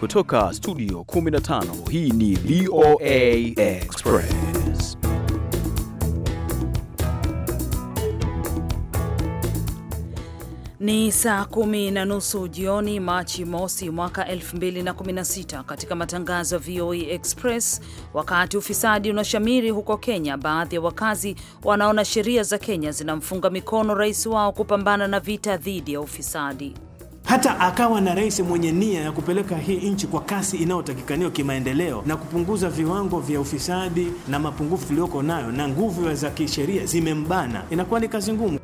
Kutoka studio 15 hii ni VOA Express. Ni saa kumi na nusu jioni Machi mosi mwaka 2016. Katika matangazo ya VOA Express, wakati ufisadi unashamiri huko Kenya, baadhi ya wakazi wanaona sheria za Kenya zinamfunga mikono rais wao kupambana na vita dhidi ya ufisadi hata akawa na rais mwenye nia ya kupeleka hii nchi kwa kasi inayotakikaniwa kimaendeleo na kupunguza viwango vya ufisadi na mapungufu tuliyoko nayo, na nguvu za kisheria zimembana, inakuwa ni kazi ngumu.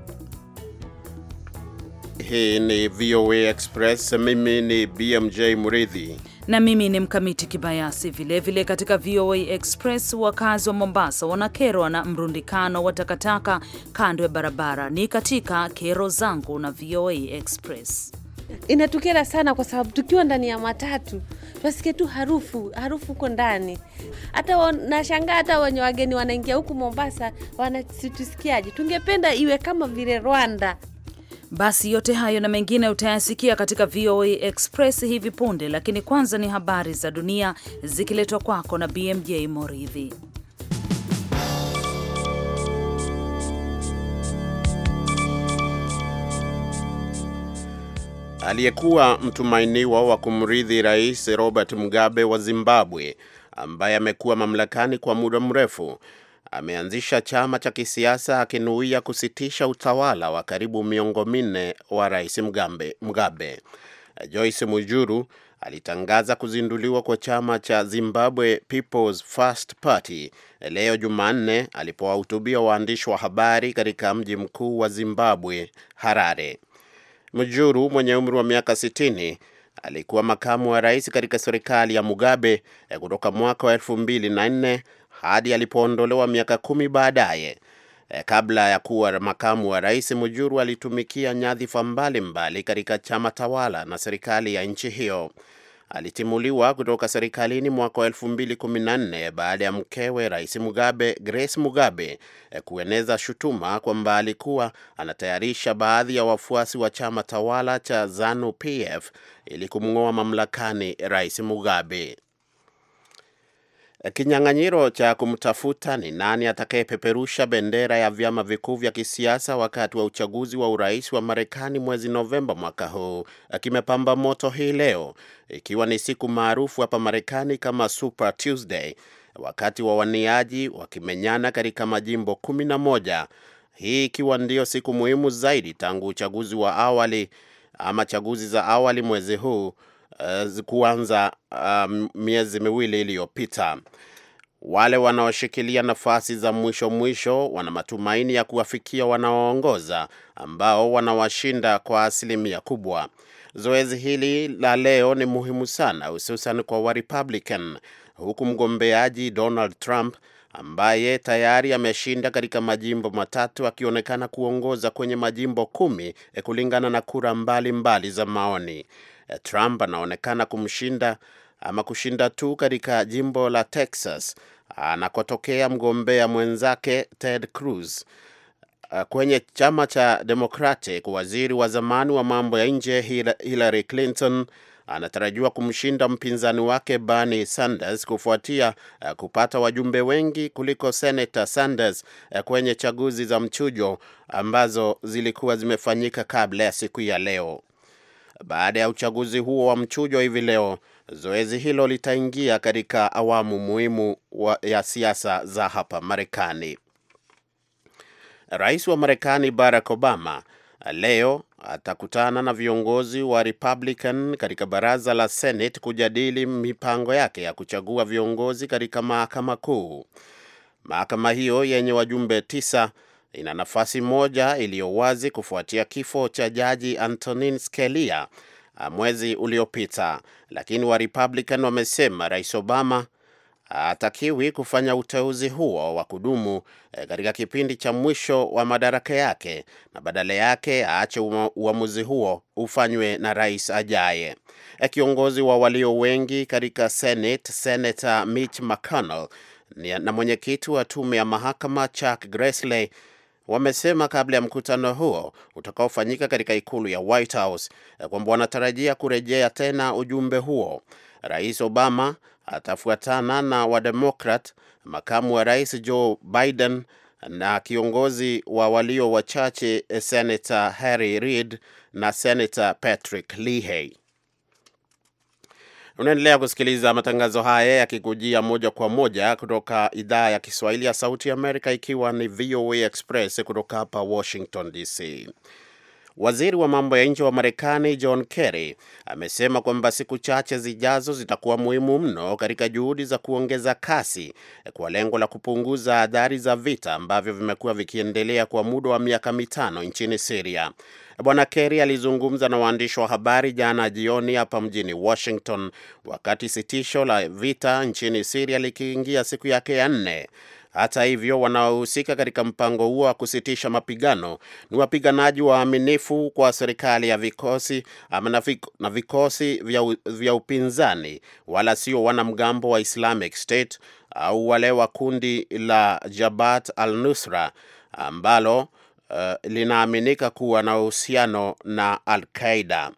Hii ni VOA Express. Mimi ni BMJ mridhi na mimi ni mkamiti kibayasi. Vilevile katika VOA Express, wakazi wa Mombasa wanakerwa na mrundikano wa takataka kando ya barabara. Ni katika kero zangu na VOA Express. Inatukera sana kwa sababu tukiwa ndani ya matatu twasikia tu harufu harufu huko ndani. Hata nashangaa hata wenye wageni wanaingia huku Mombasa wanatusikiaje? Tungependa iwe kama vile Rwanda. Basi yote hayo na mengine utayasikia katika VOA Express hivi punde, lakini kwanza ni habari za dunia zikiletwa kwako na BMJ Moridhi. aliyekuwa mtumainiwa wa kumrithi Rais Robert Mugabe wa Zimbabwe ambaye amekuwa mamlakani kwa muda mrefu ameanzisha chama cha kisiasa akinuia kusitisha utawala wa karibu miongo minne wa Rais Mugabe. Mugabe Joyce Mujuru alitangaza kuzinduliwa kwa chama cha Zimbabwe People's First Party leo Jumanne alipowahutubia waandishi wa habari katika mji mkuu wa Zimbabwe Harare. Mujuru mwenye umri wa miaka 60 alikuwa makamu wa rais katika serikali ya Mugabe eh, kutoka mwaka wa 2004 hadi alipoondolewa miaka kumi baadaye. Eh, kabla ya kuwa makamu wa rais, Mujuru alitumikia nyadhifa mbalimbali katika chama tawala na serikali ya nchi hiyo alitimuliwa kutoka serikalini mwaka wa nne baada ya mkewe Rais Mugabe, Grace Mugabe, eh, kueneza shutuma kwamba alikuwa anatayarisha baadhi ya wafuasi wa chama tawala cha Zanu PF ili kumng'oa mamlakani Rais Mugabe. Kinyang'anyiro cha kumtafuta ni nani atakayepeperusha bendera ya vyama vikuu vya kisiasa wakati wa uchaguzi wa urais wa Marekani mwezi Novemba mwaka huu kimepamba moto hii leo, ikiwa ni siku maarufu hapa Marekani kama Super Tuesday, wakati wa waniaji wakimenyana katika majimbo kumi na moja, hii ikiwa ndiyo siku muhimu zaidi tangu uchaguzi wa awali ama chaguzi za awali mwezi huu uh, kuanza uh, miezi miwili iliyopita. Wale wanaoshikilia nafasi za mwisho mwisho wana matumaini ya kuwafikia wanaoongoza ambao wanawashinda kwa asilimia kubwa. Zoezi hili la leo ni muhimu sana, hususan kwa Warepublican, huku mgombeaji Donald Trump ambaye tayari ameshinda katika majimbo matatu akionekana kuongoza kwenye majimbo kumi eh, kulingana na kura mbalimbali mbali za maoni. Eh, Trump anaonekana kumshinda ama kushinda tu katika jimbo la Texas anakotokea mgombea mwenzake Ted Cruz eh, kwenye chama cha Democratic. Waziri wa zamani wa mambo ya nje Hillary Clinton anatarajiwa kumshinda mpinzani wake Bernie Sanders kufuatia eh, kupata wajumbe wengi kuliko Senator Sanders kwenye chaguzi za mchujo ambazo zilikuwa zimefanyika kabla ya siku ya leo. Baada ya uchaguzi huo wa mchujo hivi leo, zoezi hilo litaingia katika awamu muhimu wa, ya siasa za hapa Marekani. Rais wa Marekani Barack Obama leo atakutana na viongozi wa Republican katika baraza la Senate kujadili mipango yake ya kuchagua viongozi katika mahakama kuu. Mahakama hiyo yenye wajumbe tisa ina nafasi moja iliyo wazi kufuatia kifo cha jaji Antonin Scalia ah, mwezi uliopita, lakini wa Republican wamesema Rais Obama ah, hatakiwi kufanya uteuzi huo wa kudumu eh, katika kipindi cha mwisho wa madaraka yake na badala yake aache uamuzi huo ufanywe na rais ajaye. Eh, kiongozi wa walio wengi katika Senate, Senator Mitch McConnell na mwenyekiti wa tume ya mahakama Chuck Grassley wamesema kabla ya mkutano huo utakaofanyika katika ikulu ya White House eh, kwamba wanatarajia kurejea tena ujumbe huo. Rais Obama atafuatana na Wademokrat, makamu wa rais Joe Biden na kiongozi wa walio wachache eh, Senator Harry Reid na Senator Patrick Leahy. Unaendelea kusikiliza matangazo haya yakikujia moja kwa moja kutoka idhaa ya Kiswahili ya Sauti ya Amerika, ikiwa ni VOA Express kutoka hapa Washington DC. Waziri wa mambo ya nje wa Marekani John Kerry amesema kwamba siku chache zijazo zitakuwa muhimu mno katika juhudi za kuongeza kasi kwa lengo la kupunguza adhari za vita ambavyo vimekuwa vikiendelea kwa muda wa miaka mitano nchini siria Bwana Kerry alizungumza na waandishi wa habari jana jioni hapa mjini Washington wakati sitisho la vita nchini siria likiingia siku yake ya nne. Hata hivyo, wanaohusika katika mpango huo wa kusitisha mapigano ni wapiganaji waaminifu kwa serikali ya vikosi ama na vikosi vya, vya upinzani wala sio wanamgambo wa Islamic State au wale wa kundi la Jabhat al-Nusra ambalo Uh, linaaminika kuwa na uhusiano na Al-Qaida.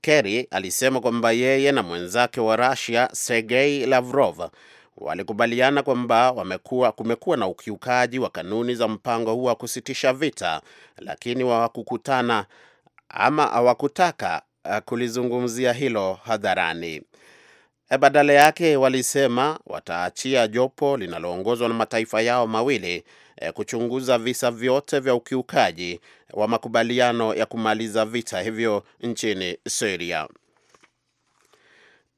Kerry alisema kwamba yeye na mwenzake wa Russia Sergei Lavrov walikubaliana kwamba kumekuwa na ukiukaji wa kanuni za mpango huo wa kusitisha vita, lakini hawakukutana ama hawakutaka eh, kulizungumzia hilo hadharani. E, badala yake walisema wataachia jopo linaloongozwa na mataifa yao mawili e, kuchunguza visa vyote vya ukiukaji wa makubaliano ya kumaliza vita hivyo nchini Syria.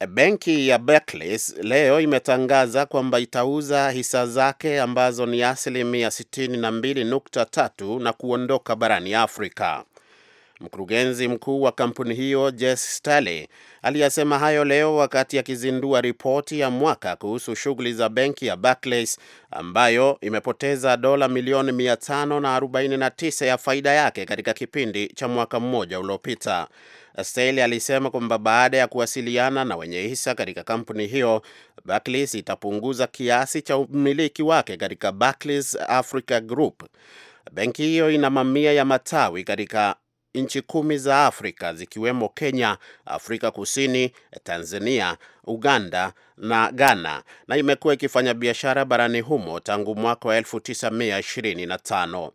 Benki ya Barclays leo imetangaza kwamba itauza hisa zake ambazo ni asilimia 62.3 na kuondoka barani Afrika. Mkurugenzi mkuu wa kampuni hiyo Jess Staley aliyasema hayo leo wakati akizindua ripoti ya mwaka kuhusu shughuli za benki ya Barclays ambayo imepoteza dola milioni 549 ya faida yake katika kipindi cha mwaka mmoja uliopita. Staley alisema kwamba baada ya kuwasiliana na wenye hisa katika kampuni hiyo, Barclays itapunguza kiasi cha umiliki wake katika Barclays Africa Group. Benki hiyo ina mamia ya matawi katika nchi kumi za Afrika zikiwemo Kenya, Afrika Kusini, Tanzania, Uganda na Ghana na imekuwa ikifanya biashara barani humo tangu mwaka wa 1925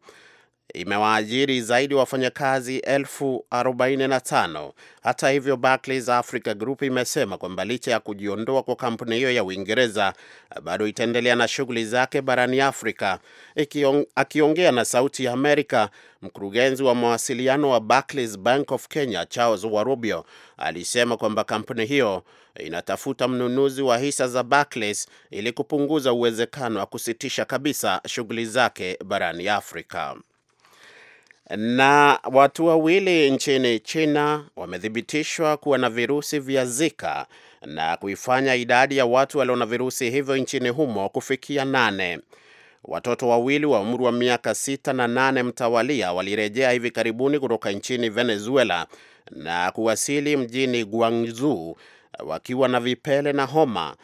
imewaajiri zaidi wafanyakazi elfu 45. Hata hivyo, Barclays Africa Group imesema kwamba licha ya kujiondoa kwa kampuni hiyo ya Uingereza, bado itaendelea na shughuli zake barani Afrika. Ikiong, akiongea na Sauti ya Amerika, mkurugenzi wa mawasiliano wa Barclays Bank of Kenya Charles Warubio alisema kwamba kampuni hiyo inatafuta mnunuzi wa hisa za Barclays ili kupunguza uwezekano wa kusitisha kabisa shughuli zake barani Afrika. Na watu wawili nchini China wamethibitishwa kuwa na virusi vya Zika na kuifanya idadi ya watu walio na virusi hivyo nchini humo kufikia nane. Watoto wawili wa umri wa miaka sita na nane mtawalia walirejea hivi karibuni kutoka nchini Venezuela na kuwasili mjini Guangzhou wakiwa na vipele na homa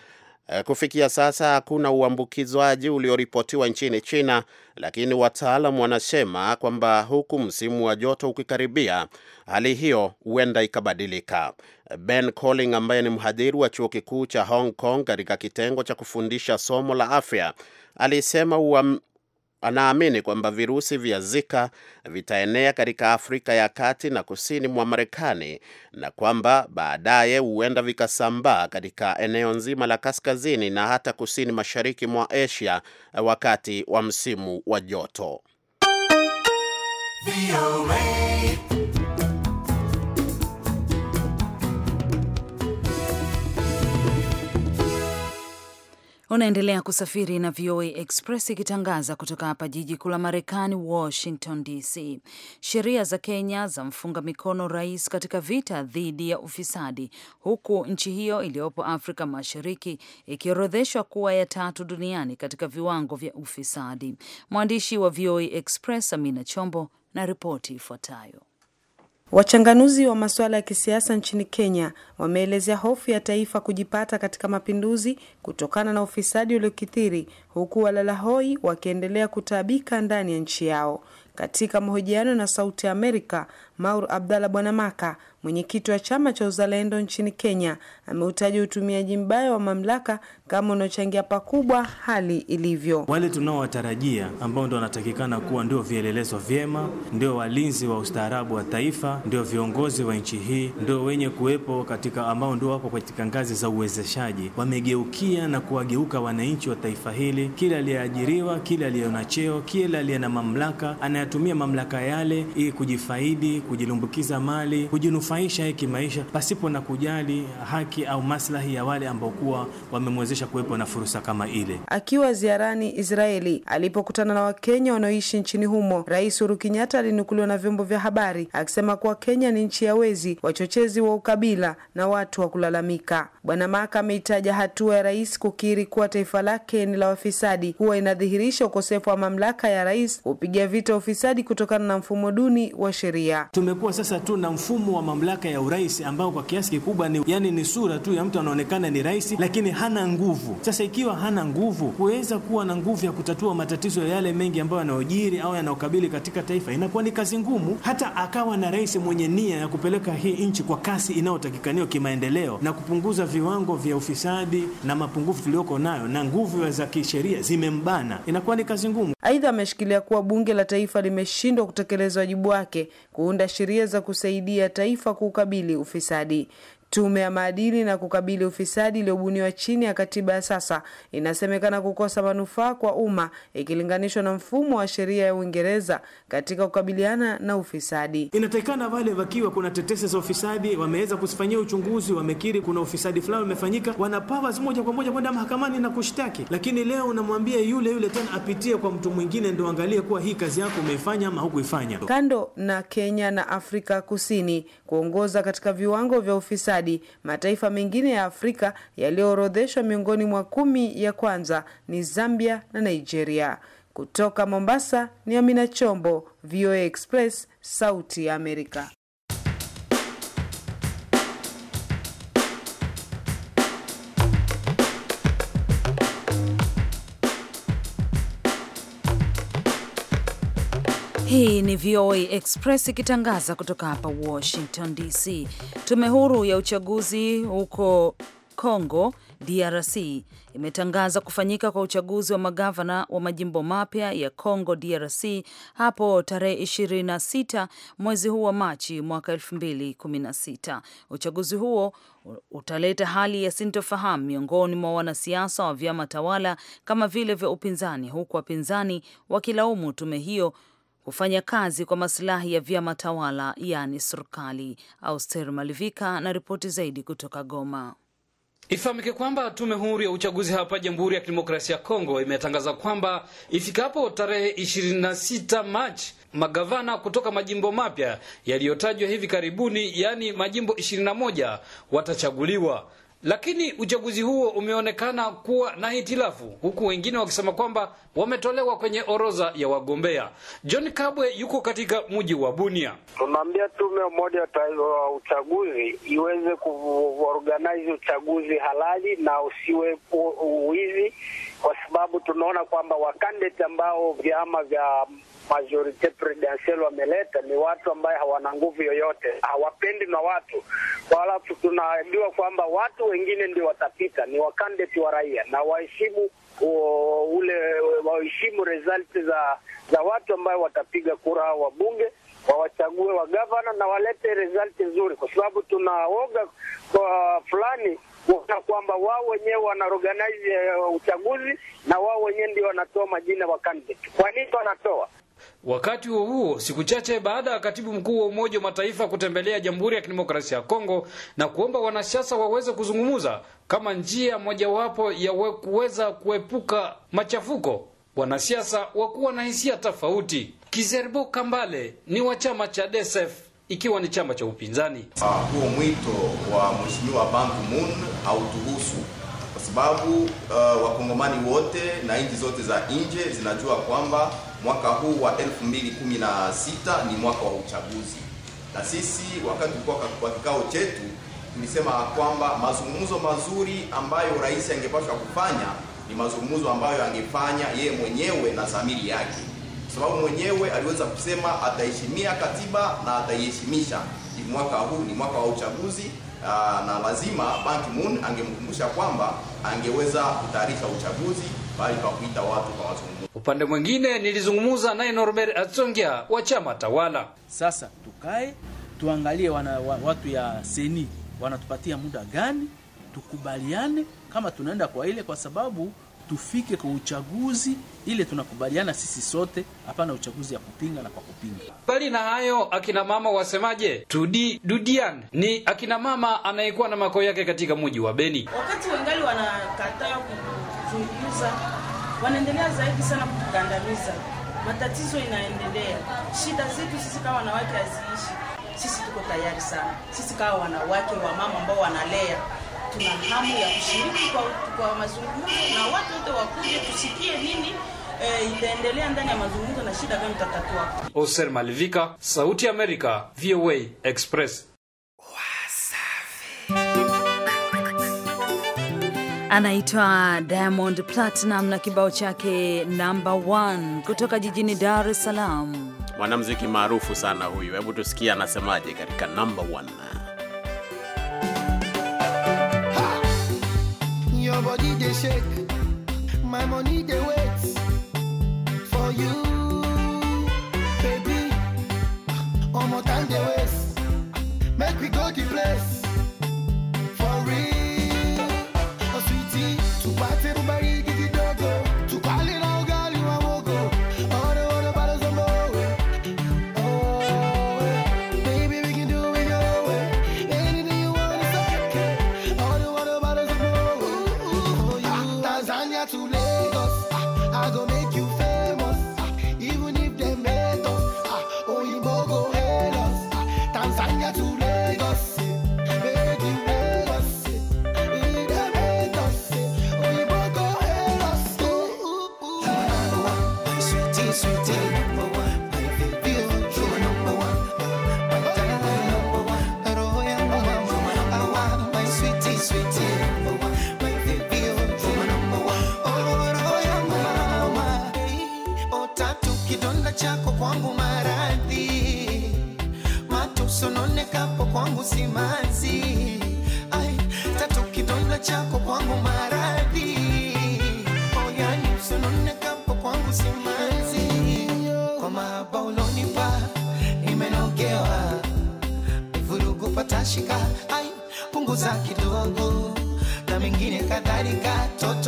Eh, kufikia sasa hakuna uambukizwaji ulioripotiwa nchini China, lakini wataalam wanasema kwamba huku msimu wa joto ukikaribia, hali hiyo huenda ikabadilika. Ben Colling ambaye ni mhadhiri wa chuo kikuu cha Hong Kong katika kitengo cha kufundisha somo la afya alisema anaamini kwamba virusi vya Zika vitaenea katika Afrika ya kati na kusini mwa Marekani na kwamba baadaye huenda vikasambaa katika eneo nzima la kaskazini na hata kusini mashariki mwa Asia eh, wakati wa msimu wa joto. Unaendelea kusafiri na VOA Express ikitangaza kutoka hapa jiji kuu la Marekani, Washington DC. Sheria za Kenya zamfunga mikono rais katika vita dhidi ya ufisadi, huku nchi hiyo iliyopo Afrika Mashariki ikiorodheshwa kuwa ya tatu duniani katika viwango vya ufisadi. Mwandishi wa VOA Express Amina Chombo na ripoti ifuatayo. Wachanganuzi wa masuala ya kisiasa nchini Kenya wameelezea hofu ya taifa kujipata katika mapinduzi kutokana na ufisadi uliokithiri huku walalahoi wakiendelea kutaabika ndani ya nchi yao. Katika mahojiano na Sauti Amerika, Maur Abdalla Bwanamaka, mwenyekiti wa chama cha uzalendo nchini Kenya, ameutaja utumiaji mbaya wa mamlaka kama unaochangia pakubwa hali ilivyo. Wale tunaowatarajia ambao ndio wanatakikana kuwa ndio vielelezo vyema, ndio walinzi wa ustaarabu wa taifa, ndio viongozi wa nchi hii, ndio wenye kuwepo katika, ambao ndio wapo katika ngazi za uwezeshaji, wamegeukia na kuwageuka wananchi wa taifa hili. Kila aliyeajiriwa, kila aliye na cheo, kila aliye na mamlaka, anayatumia mamlaka yale ili kujifaidi kujilumbukiza mali, kujinufaisha yeye maisha pasipo na kujali haki au maslahi ya wale ambao kuwa wamemwezesha kuwepo na fursa kama ile. Akiwa ziarani Israeli alipokutana na Wakenya wanaoishi nchini humo, Rais Uhuru Kenyatta alinukuliwa na vyombo vya habari akisema kuwa Kenya ni nchi ya wezi, wachochezi wa ukabila na watu wa kulalamika. Bwana Maka ameitaja hatua ya rais kukiri kuwa taifa lake ni la wafisadi huwa inadhihirisha ukosefu wa mamlaka ya rais kupiga vita ufisadi kutokana na mfumo duni wa sheria tumekuwa sasa tu na mfumo wa mamlaka ya urais ambao kwa kiasi kikubwa ni yani, ni sura tu ya mtu anaonekana ni rais, lakini hana nguvu. Sasa ikiwa hana nguvu, kuweza kuwa na nguvu ya kutatua matatizo yale mengi ambayo yanayojiri au yanayokabili katika taifa inakuwa ni kazi ngumu. Hata akawa na rais mwenye nia ya kupeleka hii nchi kwa kasi inayotakikaniwa kimaendeleo na kupunguza viwango vya ufisadi na mapungufu tuliyoko nayo, na nguvu za kisheria zimembana, inakuwa ni kazi ngumu. Aidha, ameshikilia kuwa bunge la taifa limeshindwa kutekeleza wajibu wake kuunda kuunda sheria za kusaidia taifa kukabili ufisadi. Tume ya maadili na kukabili ufisadi iliyobuniwa chini ya katiba ya sasa inasemekana kukosa manufaa kwa umma ikilinganishwa na mfumo wa sheria ya Uingereza katika kukabiliana na ufisadi. Inatakikana wale wakiwa kuna tetesi za ufisadi, wameweza kuzifanyia uchunguzi, wamekiri kuna ufisadi fulani umefanyika, wana powers moja kwa moja kwenda mahakamani na kushtaki. Lakini leo unamwambia yule yule tena apitie kwa mtu mwingine ndio angalie kuwa hii kazi yako umeifanya ama hukuifanya. Kando na Kenya na Afrika Kusini kuongoza katika viwango vya ufisadi ustadi. Mataifa mengine ya Afrika yaliyoorodheshwa miongoni mwa kumi ya kwanza ni Zambia na Nigeria. Kutoka Mombasa ni Amina Chombo, VOA Express, Sauti ya Amerika. Hii ni VOA Express ikitangaza kutoka hapa Washington DC. Tume huru ya uchaguzi huko Congo DRC imetangaza kufanyika kwa uchaguzi wa magavana wa majimbo mapya ya Congo DRC hapo tarehe 26 mwezi huu wa Machi mwaka 2016. Uchaguzi huo utaleta hali ya sintofahamu miongoni mwa wanasiasa wa vyama tawala kama vile vya upinzani, huku wapinzani wakilaumu tume hiyo kufanya kazi kwa masilahi ya vyama tawala, yaani serikali. Auster Malivika na ripoti zaidi kutoka Goma. Ifahamike kwamba tume huru ya uchaguzi hapa Jamhuri ya Kidemokrasia ya Kongo imetangaza kwamba ifikapo tarehe 26 Machi magavana kutoka majimbo mapya yaliyotajwa hivi karibuni, yaani majimbo 21 watachaguliwa. Lakini uchaguzi huo umeonekana kuwa na hitilafu, huku wengine wakisema kwamba wametolewa kwenye orodha ya wagombea. John Kabwe yuko katika mji wa Bunia. Tunaambia tume umoja wa uchaguzi iweze kuorganize uchaguzi halali na usiwe uwizi, kwa sababu tunaona kwamba wakandeti ambao vyama vya majorite presidential wameleta ni watu ambaye hawana nguvu yoyote, hawapendi na watu wala. Tunajua kwamba watu wengine ndio watapita, ni wakandidati wa raia na waheshimu ule waheshimu result za za watu ambayo watapiga kura wa bunge wawachague wa gavana na walete result nzuri, kwa sababu tunaoga kwa fulani kuona kwamba wao wenyewe wanaorganize eh, uchaguzi na wao wenyewe ndio wanatoa majina wa candidate. Kwa nini wanatoa? Wakati huo huo, siku chache baada ya katibu mkuu wa Umoja wa Mataifa kutembelea Jamhuri ya Kidemokrasia ya Kongo na kuomba wanasiasa waweze kuzungumza kama njia mojawapo ya kuweza kuepuka machafuko, wanasiasa wakuwa na hisia tofauti. Kizerbo Kambale ni wa chama cha DSF ikiwa ni chama cha upinzani. Ah, huo mwito wa mheshimiwa Ban Ki-moon hautuhusu kwa sababu uh, wakongomani wote na nchi zote za nje zinajua kwamba mwaka huu wa 2016 ni mwaka wa uchaguzi, na sisi wakati tulikuwa kwa kikao chetu tulisema kwamba mazungumzo mazuri ambayo rais angepaswa kufanya ni mazungumzo ambayo angefanya yeye mwenyewe na dhamiri yake, kwa sababu mwenyewe aliweza kusema ataheshimia katiba na ataiheshimisha. Mwaka huu ni mwaka wa uchaguzi na lazima Ban Ki-moon angemkumbusha kwamba angeweza kutayarisha uchaguzi bali pa kuita watu kwa wazungumza. Upande mwingine nilizungumza naye Norbert Atsongia wa chama tawala. Sasa tukae tuangalie wana, watu ya seni wanatupatia muda gani, tukubaliane kama tunaenda kwa ile, kwa sababu tufike kwa uchaguzi ile tunakubaliana sisi sote, hapana uchaguzi ya kupinga na kwa kupinga. Mbali na hayo, akina mama wasemaje? Tudi Dudian ni akina mama anayekuwa na makao yake katika mji wa Beni. Wakati wengali wanakataa kuzungumza, wanaendelea zaidi sana kutukandamiza. Matatizo inaendelea, shida zetu sisi kama wanawake haziishi. Sisi tuko tayari sana, sisi kama wanawake wa mama ambao wanalea tuna hamu ya kushiriki kwa, kwa mazungumzo na watu wote wakuje tusikie nini e, itaendelea ndani ya mazungumzo na shida gani tutatatua. Oser Malivika, Sauti America, VOA Express. Anaitwa Diamond Platinum na kibao chake number one kutoka jijini Dar es Salaam, mwanamuziki maarufu sana huyu. Hebu tusikie anasemaje katika number one. your body they shake my money they wait for you baby one more time they waste make me go the place for real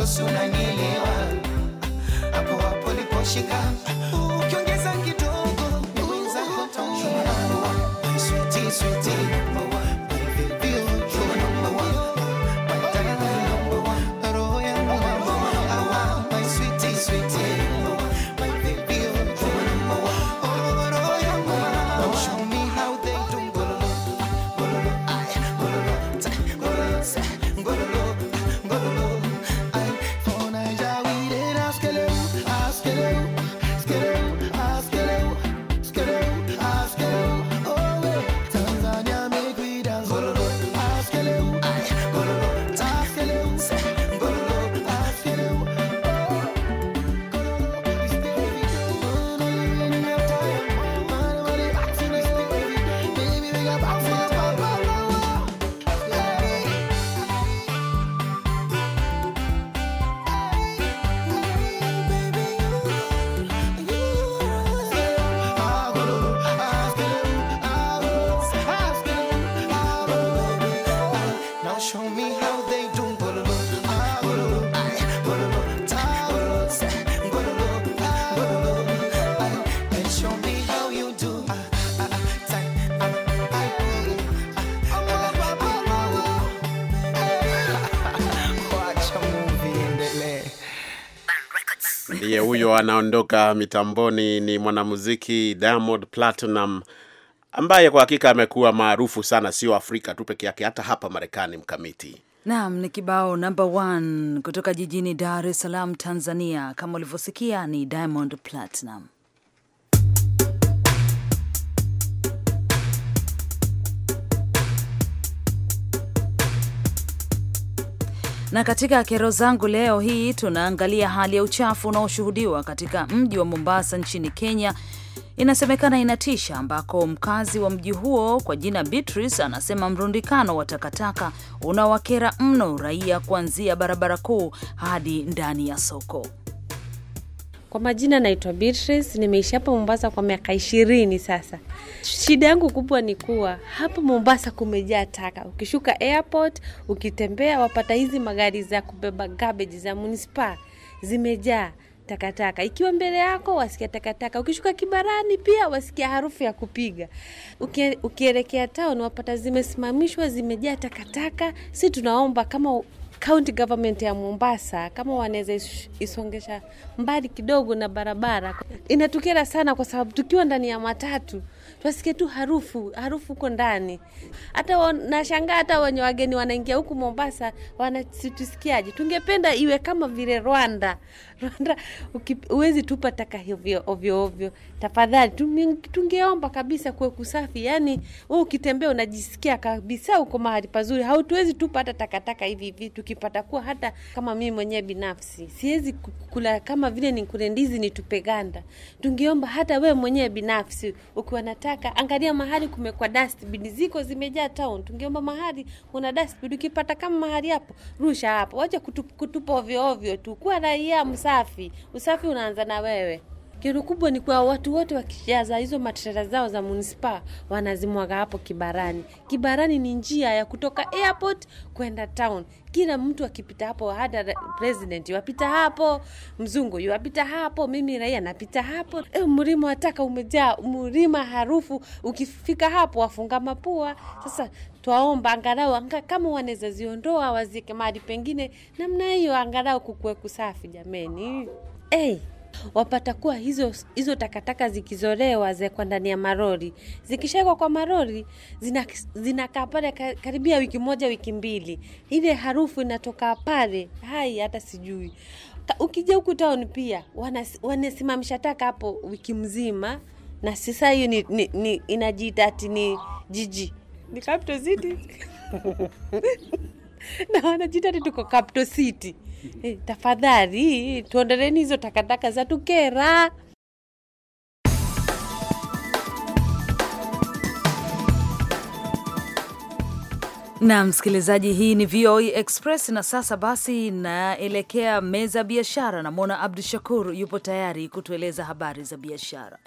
uso, si unaniliwa hapo hapo liposhika Ndiye huyo anaondoka mitamboni ni mwanamuziki Diamond Platinum ambaye kwa hakika amekuwa maarufu sana, sio Afrika tu peke yake, hata hapa Marekani. Mkamiti Naam, ni kibao number one kutoka jijini Dar es Salaam, Tanzania. Kama ulivyosikia ni Diamond Platinum. Na katika kero zangu leo hii tunaangalia hali ya uchafu unaoshuhudiwa katika mji wa Mombasa nchini Kenya. Inasemekana inatisha, ambako mkazi wa mji huo kwa jina Beatrice anasema mrundikano wa takataka unawakera mno raia, kuanzia barabara kuu hadi ndani ya soko. Kwa majina naitwa Beatrice, nimeishi hapa Mombasa kwa miaka ishirini sasa. Shida yangu kubwa ni kuwa hapa Mombasa kumejaa taka. Ukishuka airport, ukitembea wapata hizi magari za kubeba garbage za munisipa zimejaa takataka. Ikiwa mbele yako wasikia takataka, ukishuka Kibarani pia wasikia harufu ya kupiga. Ukielekea town wapata zimesimamishwa, zimejaa takataka. Si tunaomba kama county government ya Mombasa kama wanaweza isongesha mbali kidogo na barabara. Inatukera sana kwa sababu tukiwa ndani ya matatu twasikia tu harufu harufu huko ndani. Hata nashangaa hata wenye wageni wanaingia huku Mombasa wanatusikiaje? Tungependa iwe kama vile Rwanda. Rwanda huwezi tupa taka hivyo ovyo ovyo, tafadhali. Tungeomba kabisa kuwe kusafi, yani wewe ukitembea unajisikia kabisa uko mahali pazuri, hautuwezi tupa hata takataka hivi hivi tuki ukipata kuwa hata kama mimi mwenyewe binafsi siwezi kula kama vile ni kule ndizi nitupe ganda, tungeomba hata we mwenyewe binafsi ukiwa nataka, angalia mahali kumekwa dustbin ziko zimejaa town, tungeomba mahali una dustbin, ukipata kama mahali hapo rusha hapo, wacha kutupa ovyo ovyo tu. Kuwa raia msafi, usafi unaanza na wewe. Kero kubwa ni kwa watu wote wakijaza hizo matrela zao za munisipa wanazimwaga hapo Kibarani. Kibarani ni njia ya kutoka airport kwenda town. Kila mtu akipita hapo, hata president wapita hapo, mzungu wapita hapo, mimi raia napita hapo. E, mlima wataka umejaa mlima harufu, ukifika hapo wafunga mapua. Sasa twaomba angalau anga, kama wanaweza ziondoa wazike mahali pengine namna hiyo, angalau kukuwe kusafi jameni. Hey wapata kuwa hizo, hizo takataka zikizolewa zekwa ndani ya marori, zikishawekwa kwa marori zinakaa zina pale karibia wiki moja wiki mbili, ile harufu inatoka pale hai, hata sijui ukija huku town pia wanasimamisha taka hapo wiki mzima, na sasa hiyo ni, ni, ni inajiita ati ni jiji ni capital city na wanajita tuko capto City. Eh, tafadhali tuondoleeni hizo takataka za tukera. Na msikilizaji, hii ni VOA e Express na sasa basi naelekea meza ya biashara. Namwona Abdu Shakur yupo tayari kutueleza habari za biashara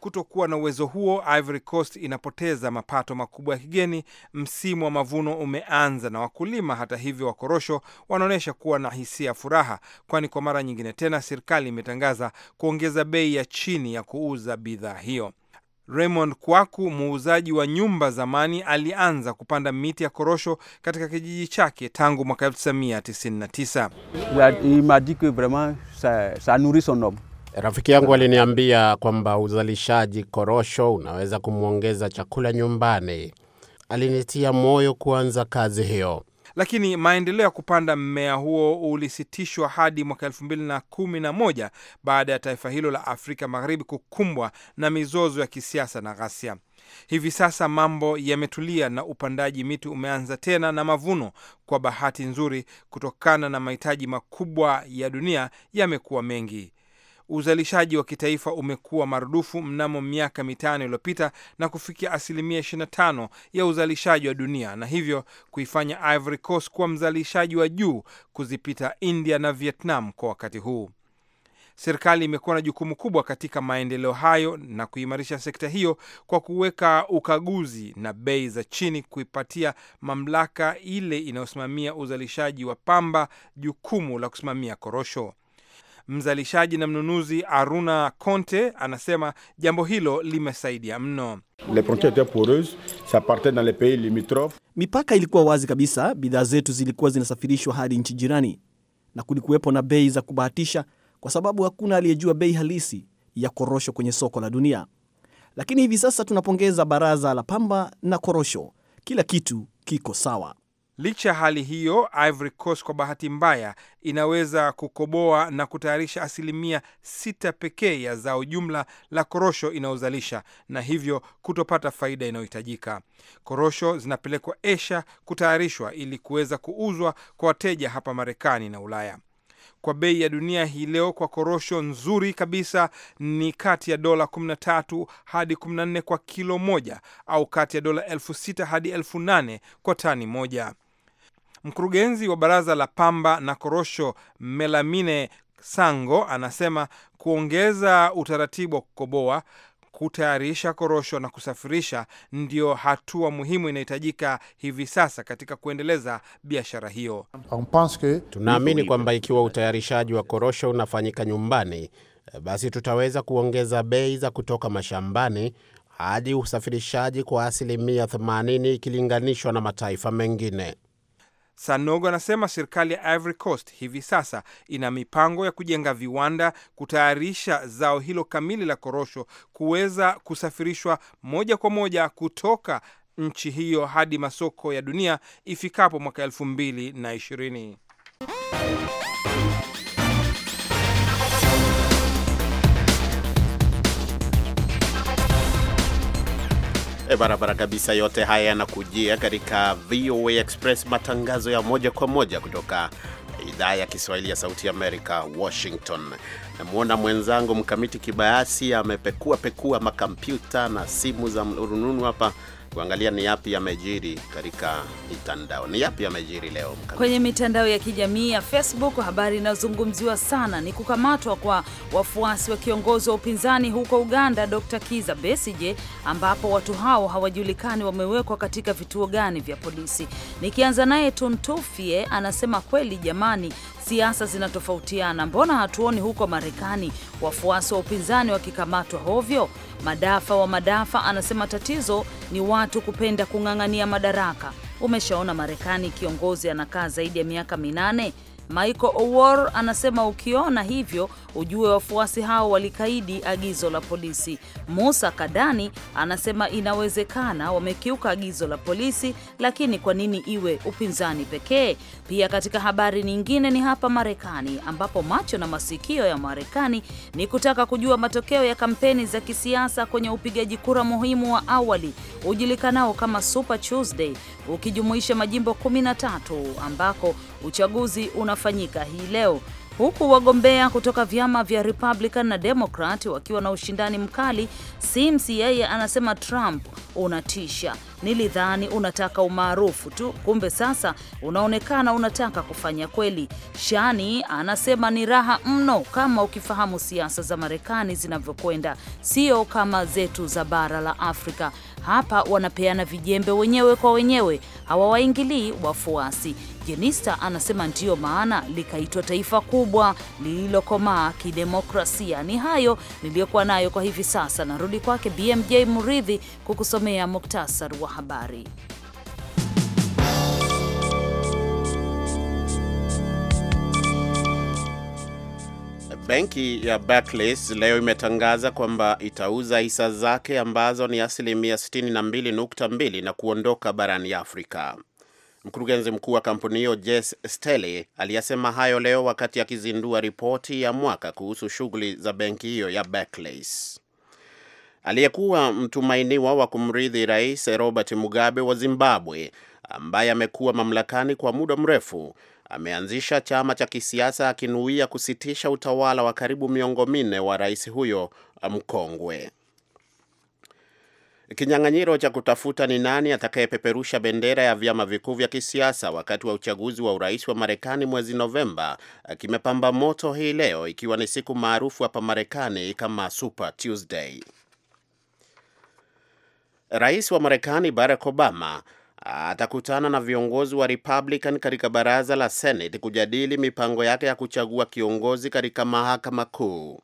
kutokuwa na uwezo huo, Ivory Coast inapoteza mapato makubwa ya kigeni. Msimu wa mavuno umeanza na wakulima, hata hivyo, wa korosho wanaonyesha kuwa na hisia ya furaha, kwani kwa mara nyingine tena serikali imetangaza kuongeza bei ya chini ya kuuza bidhaa hiyo. Raymond Kwaku, muuzaji wa nyumba zamani, alianza kupanda miti ya korosho katika kijiji chake tangu mwaka 1999. Rafiki yangu aliniambia kwamba uzalishaji korosho unaweza kumwongeza chakula nyumbani. Alinitia moyo kuanza kazi hiyo, lakini maendeleo ya kupanda mmea huo ulisitishwa hadi mwaka elfu mbili na kumi na moja baada ya taifa hilo la Afrika Magharibi kukumbwa na mizozo ya kisiasa na ghasia. Hivi sasa mambo yametulia na upandaji miti umeanza tena na mavuno, kwa bahati nzuri, kutokana na mahitaji makubwa ya dunia yamekuwa mengi. Uzalishaji wa kitaifa umekuwa marudufu mnamo miaka mitano iliyopita na kufikia asilimia 25 ya uzalishaji wa dunia na hivyo kuifanya Ivory Coast kuwa mzalishaji wa juu kuzipita India na Vietnam kwa wakati huu. Serikali imekuwa na jukumu kubwa katika maendeleo hayo na kuimarisha sekta hiyo kwa kuweka ukaguzi na bei za chini, kuipatia mamlaka ile inayosimamia uzalishaji wa pamba jukumu la kusimamia korosho. Mzalishaji na mnunuzi Aruna Conte anasema jambo hilo limesaidia mno. Mipaka ilikuwa wazi kabisa, bidhaa zetu zilikuwa zinasafirishwa hadi nchi jirani, na kulikuwepo na bei za kubahatisha, kwa sababu hakuna aliyejua bei halisi ya korosho kwenye soko la dunia. Lakini hivi sasa tunapongeza baraza la pamba na korosho, kila kitu kiko sawa. Licha ya hali hiyo, Ivory Coast kwa bahati mbaya inaweza kukoboa na kutayarisha asilimia sita pekee ya zao jumla la korosho inayozalisha na hivyo kutopata faida inayohitajika. Korosho zinapelekwa Asia kutayarishwa ili kuweza kuuzwa kwa wateja hapa Marekani na Ulaya. Kwa bei ya dunia hii leo kwa korosho nzuri kabisa ni kati ya dola 13 hadi 14 kwa kilo moja, au kati ya dola elfu sita hadi elfu nane kwa tani moja. Mkurugenzi wa baraza la pamba na korosho Melamine Sango anasema kuongeza utaratibu wa kukoboa, kutayarisha korosho na kusafirisha ndio hatua muhimu inahitajika hivi sasa katika kuendeleza biashara hiyo. Tunaamini kwamba ikiwa utayarishaji wa korosho unafanyika nyumbani, basi tutaweza kuongeza bei za kutoka mashambani hadi usafirishaji kwa asilimia 80 ikilinganishwa na mataifa mengine. Sanogo anasema serikali ya Ivory Coast hivi sasa ina mipango ya kujenga viwanda kutayarisha zao hilo kamili la korosho kuweza kusafirishwa moja kwa moja kutoka nchi hiyo hadi masoko ya dunia ifikapo mwaka elfu mbili na ishirini. E, barabara kabisa. Yote haya yanakujia katika VOA Express, matangazo ya moja kwa moja kutoka idhaa ya Kiswahili ya Sauti ya Amerika, Washington. Namwona mwenzangu Mkamiti Kibayasi amepekua pekua makompyuta na simu za rununu hapa kuangalia ni yapi yamejiri katika mitandao, ni yapi yamejiri leo mkana. Kwenye mitandao ya kijamii ya Facebook, habari inayozungumziwa sana ni kukamatwa kwa wafuasi wa kiongozi wa upinzani huko Uganda, Dr. Kiza Besije, ambapo watu hao hawajulikani wamewekwa katika vituo gani vya polisi. Nikianza naye Tuntufie anasema kweli jamani, siasa zinatofautiana. Mbona hatuoni huko Marekani wafuasi wa upinzani wakikamatwa hovyo? Madafa wa Madafa anasema tatizo ni watu kupenda kung'ang'ania madaraka. Umeshaona Marekani kiongozi anakaa zaidi ya miaka minane Michael Owor anasema ukiona hivyo ujue wafuasi hao walikaidi agizo la polisi. Musa Kadani anasema inawezekana wamekiuka agizo la polisi, lakini kwa nini iwe upinzani pekee? Pia katika habari nyingine ni hapa Marekani ambapo macho na masikio ya Marekani ni kutaka kujua matokeo ya kampeni za kisiasa kwenye upigaji kura muhimu wa awali ujulikanao kama Super Tuesday ukijumuisha majimbo 13 ambako uchaguzi unafanyika hii leo huku wagombea kutoka vyama vya Republican na Democrat wakiwa na ushindani mkali. Sims yeye anasema Trump unatisha, nilidhani unataka umaarufu tu, kumbe sasa unaonekana unataka kufanya kweli. Shani anasema ni raha mno kama ukifahamu siasa za Marekani zinavyokwenda, sio kama zetu za bara la Afrika. Hapa wanapeana vijembe wenyewe kwa wenyewe, hawawaingilii wafuasi. Jenista anasema ndiyo maana likaitwa taifa kubwa lililokomaa kidemokrasia. Ni hayo niliyokuwa nayo kwa hivi sasa. Narudi kwake BMJ Muridhi kukusomea muktasari wa habari. Benki ya Barclays leo imetangaza kwamba itauza hisa zake ambazo ni asilimia 62.2 na kuondoka barani Afrika. Mkurugenzi mkuu wa kampuni hiyo Jess Staley aliyasema hayo leo wakati akizindua ripoti ya mwaka kuhusu shughuli za benki hiyo ya Barclays aliyekuwa mtumainiwa wa kumrithi Rais Robert Mugabe wa Zimbabwe ambaye amekuwa mamlakani kwa muda mrefu ameanzisha chama cha kisiasa akinuia kusitisha utawala wa karibu miongo minne wa rais huyo mkongwe. Kinyang'anyiro cha kutafuta ni nani atakayepeperusha bendera ya vyama vikuu vya kisiasa wakati wa uchaguzi wa urais wa Marekani mwezi Novemba kimepamba moto hii leo, ikiwa ni siku maarufu hapa Marekani kama Super Tuesday. Rais wa Marekani Barack Obama atakutana na viongozi wa Republican katika baraza la Senate kujadili mipango yake ya kuchagua kiongozi katika mahakama kuu.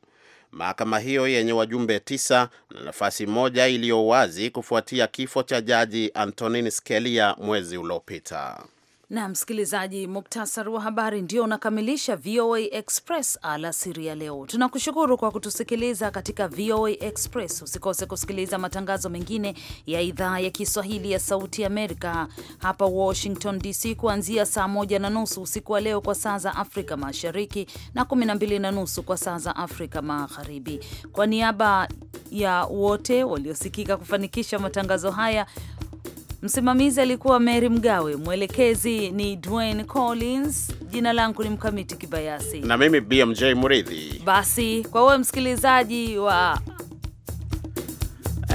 Mahakama hiyo yenye wajumbe tisa na nafasi moja iliyo wazi kufuatia kifo cha jaji Antonin Scalia mwezi uliopita. Na msikilizaji, muktasari wa habari ndio unakamilisha VOA Express alasiri ya leo. Tunakushukuru kwa kutusikiliza katika VOA Express. Usikose kusikiliza matangazo mengine ya idhaa ya Kiswahili ya Sauti Amerika hapa Washington DC, kuanzia saa moja na nusu usiku wa leo kwa saa za Afrika Mashariki na kumi na mbili na nusu kwa saa za Afrika Magharibi. Kwa niaba ya wote waliosikika kufanikisha matangazo haya Msimamizi alikuwa Mary Mgawe, mwelekezi ni Dwayne Collins, jina langu ni Mkamiti Kibayasi na mimi BMJ Muridhi. Basi kwa wewe msikilizaji wa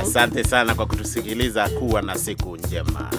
Asante sana kwa kutusikiliza. Kuwa na siku njema.